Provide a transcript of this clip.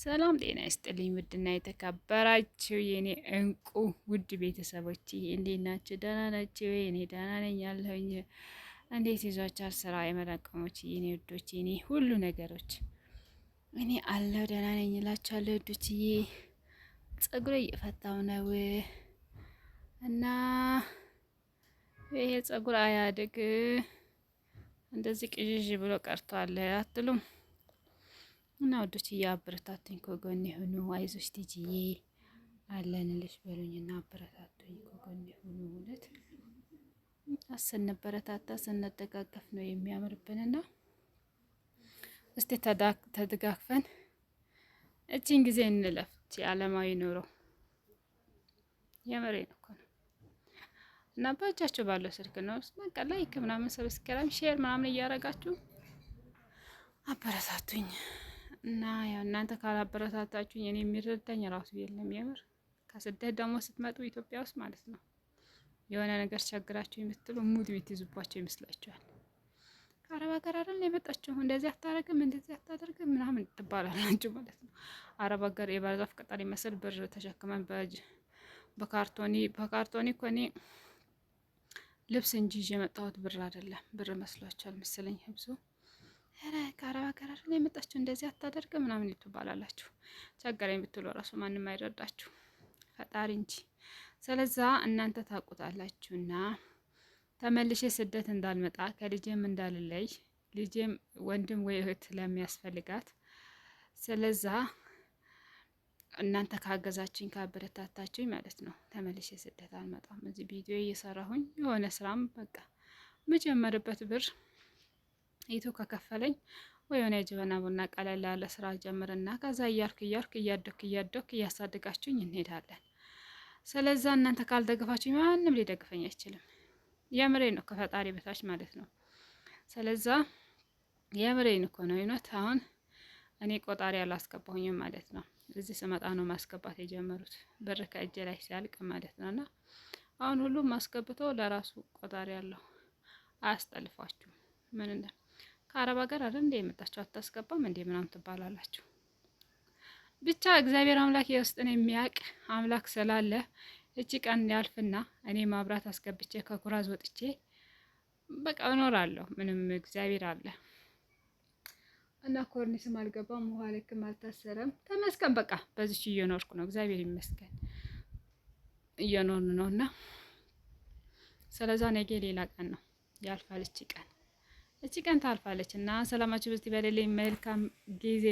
ሰላም ጤና ይስጥልኝ። ውድና የተከበራችሁ የኔ እንቁ ውድ ቤተሰቦች እንዴት ናችሁ? ደህና ናችሁ? የኔ ደህና ነኝ ያለሁኝ። እንዴት ይዟችኋል? ስራ የመለቀሞች የኔ ውዶች፣ የኔ ሁሉ ነገሮች እኔ አለሁ ደህና ነኝ እላችኋለሁ ውዶችዬ። ጸጉሬ እየፈታው ነው እና ይሄ ጸጉር አያድግ እንደዚህ ቅዥዥ ብሎ ቀርቷል አትሉም? እና ወዶች አበረታቱኝ፣ ከጎን የሆኑ አይዞች ትጅዬ አለንልሽ በሉኝ እና አበረታቱኝ፣ ከጎን የሆኑ እውነት ስንበረታታ ስንደጋገፍ ነው የሚያምርብን። ና እስቲ ተደጋግፈን እቺን ጊዜ እንለፍ። እቺ ዓለማዊ ኑሮ የመሬ ነው እኮ ነው እና በእጃችሁ ባለው ስልክ ነው በቃ ላይክ ምናምን ሰብስክራይብ ሼር ምናምን እያረጋችሁ አበረታቱኝ። እና ያው እናንተ ካላበረታታችሁ እኔ የሚረዳኝ ራሱ የለም። የምር ከስደት ደግሞ ስትመጡ ኢትዮጵያ ውስጥ ማለት ነው የሆነ ነገር ቸግራችሁ የምትሉ ሙድ ቤት ይዙባቸው ይመስላችኋል። ከአረብ ሀገር አይደል የመጣችሁ እንደዚህ አታረግም እንደዚህ አታደርግም ምናምን ትባላላችሁ ማለት ነው። አረብ ሀገር የባህር ቅጠል ይመስል ብር ተሸክመን በካርቶኒ በካርቶኒ እኮ እኔ ልብስ እንጂ ይዤ የመጣሁት ብር አይደለም። ብር መስሏችኋል መሰለኝ ህብሱ ረ ከአረብ ሀገር የመጣችሁ እንደዚህ አታደርግ ምናምን ትባላላችሁ። ቸገረኝ ብትሉ ራሱ ማንም አይረዳችሁ ፈጣሪ እንጂ። ስለዛ እናንተ ታውቁታላችሁና ተመልሼ ስደት እንዳልመጣ ከልጄም እንዳልለይ ልጄም ወንድም ወይ እህት ለሚያስፈልጋት ስለዛ እናንተ ካገዛችሁኝ ካበረታታችሁኝ ማለት ነው ተመልሼ ስደት አልመጣም። እዚህ ቪዲዮ እየሰራሁኝ የሆነ ስራም በቃ መጀመርበት ብር ይቶ ከከፈለኝ ወይ የሆነ የጀበና ቡና ቀለል ያለ ስራ ጀምርና ከዛ እያልኩ እያልኩ እያደኩ እያደኩ እያሳድጋችሁኝ እንሄዳለን። ስለዛ እናንተ ካልደግፋችሁኝ ማንም ሊደግፈኝ አይችልም። የምሬ ነው፣ ከፈጣሪ በታች ማለት ነው። ስለዛ የምሬን እኮ ነው ይኖት። አሁን እኔ ቆጣሪ አላስገባሁኝም ማለት ነው። እዚህ ስመጣ ነው ማስገባት የጀመሩት ብር ከእጅ ላይ ሲያልቅ ማለት ነው። እና አሁን ሁሉም አስገብቶ ለራሱ ቆጣሪ አለው። አያስጠልፏችሁም ምን አረብ ሀገር አይደል እንዴ የመጣችሁ አታስገባም እንዴ ምናምን ትባላላችሁ። ብቻ እግዚአብሔር አምላክ የውስጥን የሚያውቅ አምላክ ስላለ እቺ ቀን ያልፍና እኔ ማብራት አስገብቼ ከኩራዝ ወጥቼ በቃ እኖራለሁ። ምንም እግዚአብሔር አለ እና ኮርኒስም አልገባም፣ ውሃ ልክም አልታሰረም። ተመስገን በቃ በዚች እየኖርኩ ነው። እግዚአብሔር ይመስገን እየኖርን ነው እና ስለዛ ነገ ሌላ ቀን ነው ያልፋል እቺ ቀን እቺ ቀን ታልፋለች እና ሰላማችሁ በስቲ በሌለኝ መልካም ጊዜ